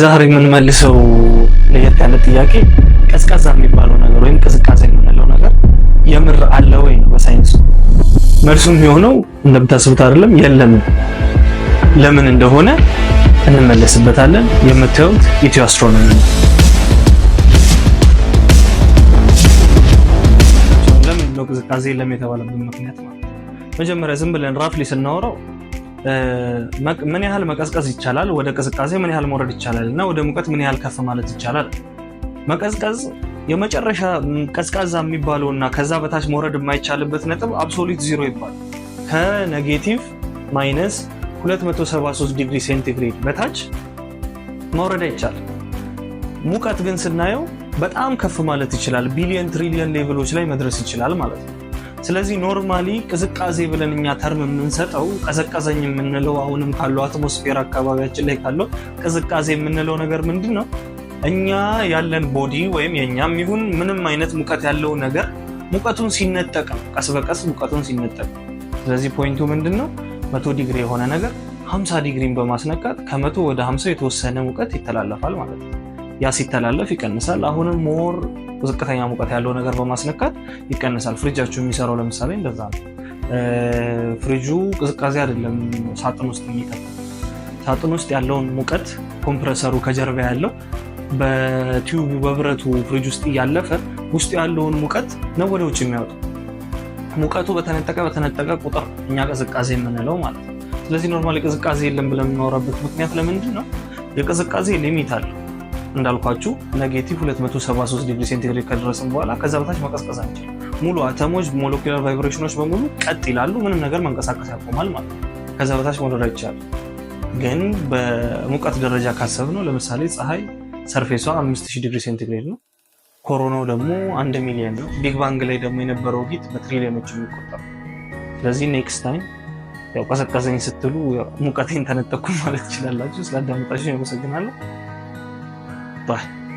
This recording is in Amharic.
ዛሬ የምንመልሰው ለየት ያለ ጥያቄ ቀዝቃዛ የሚባለው ነገር ወይም ቅዝቃዜ የምንለው ነገር የምር አለ ወይ ነው በሳይንሱ። መልሱም የሚሆነው እንደምታስቡት አይደለም፣ የለም። ለምን እንደሆነ እንመለስበታለን። የምታዩት ኢትዮ አስትሮኖሚ ነው። ለምን ነው ቅዝቃዜ የለም የተባለበት ምክንያት ነው። መጀመሪያ ዝም ብለን ራፍሊ ስናወራው ምን ያህል መቀዝቀዝ ይቻላል፣ ወደ ቅዝቃዜ ምን ያህል መውረድ ይቻላል እና ወደ ሙቀት ምን ያህል ከፍ ማለት ይቻላል። መቀዝቀዝ የመጨረሻ ቀዝቃዛ የሚባለው እና ከዛ በታች መውረድ የማይቻልበት ነጥብ አብሶሉት ዚሮ ይባላል። ከኔጌቲቭ ማይነስ 273 ዲግሪ ሴንቲግሬድ በታች መውረድ አይቻልም። ሙቀት ግን ስናየው በጣም ከፍ ማለት ይችላል። ቢሊየን ትሪሊዮን ሌቭሎች ላይ መድረስ ይችላል ማለት ነው። ስለዚህ ኖርማሊ ቅዝቃዜ ብለን እኛ ተርም የምንሰጠው ቀዘቀዘኝ የምንለው አሁንም ካለው አትሞስፌር አካባቢያችን ላይ ካለው ቅዝቃዜ የምንለው ነገር ምንድን ነው? እኛ ያለን ቦዲ ወይም የእኛም ይሁን ምንም አይነት ሙቀት ያለው ነገር ሙቀቱን ሲነጠቅም ቀስ በቀስ ሙቀቱን ሲነጠቅም። ስለዚህ ፖይንቱ ምንድን ነው? መቶ ዲግሪ የሆነ ነገር 50 ዲግሪን በማስነቃት ከመቶ ወደ 50 የተወሰነ ሙቀት ይተላለፋል ማለት ነው። ያ ሲተላለፍ ይቀንሳል። አሁንም ሞር ዝቅተኛ ሙቀት ያለው ነገር በማስነካት ይቀንሳል። ፍሪጃችሁ የሚሰራው ለምሳሌ እንደዛ ነው። ፍሪጁ ቅዝቃዜ አይደለም ሳጥን ውስጥ የሚከተው ሳጥን ውስጥ ያለውን ሙቀት ኮምፕረሰሩ ከጀርባ ያለው በቲዩቡ በብረቱ ፍሪጅ ውስጥ እያለፈ ውስጡ ያለውን ሙቀት ነው ወደ ውጭ የሚያወጡ። ሙቀቱ በተነጠቀ በተነጠቀ ቁጥር እኛ ቅዝቃዜ የምንለው ማለት ነው። ስለዚህ ኖርማል ቅዝቃዜ የለም ብለን የምናወራበት ምክንያት ለምንድን ነው? የቅዝቃዜ ሊሚት አለው። እንዳልኳችሁ ኔጌቲቭ 273 ዲግሪ ሴንቲግሬድ ከደረስን በኋላ ከዛ በታች መቀስቀስ አንችል። ሙሉ አተሞች ሞለኪላር ቫይብሬሽኖች በሙሉ ቀጥ ይላሉ። ምንም ነገር መንቀሳቀስ ያቆማል ማለት ነው። ከዛ በታች መውረድ አይቻልም። ግን በሙቀት ደረጃ ካሰብ ነው ለምሳሌ ፀሐይ ሰርፌሷ 5000 ዲግሪ ሴንቲግሬድ ነው። ኮሮናው ደግሞ አንድ ሚሊዮን ነው። ቢግ ባንግ ላይ ደግሞ የነበረው ሂት በትሪሊዮኖች የሚቆጠር ስለዚህ ኔክስት ታይም ያው ቀሰቀሰኝ ስትሉ ሙቀቴን ተነጠኩ ማለት ይችላላችሁ። ስላዳመጣችሁ ያመሰግናለሁ። bye.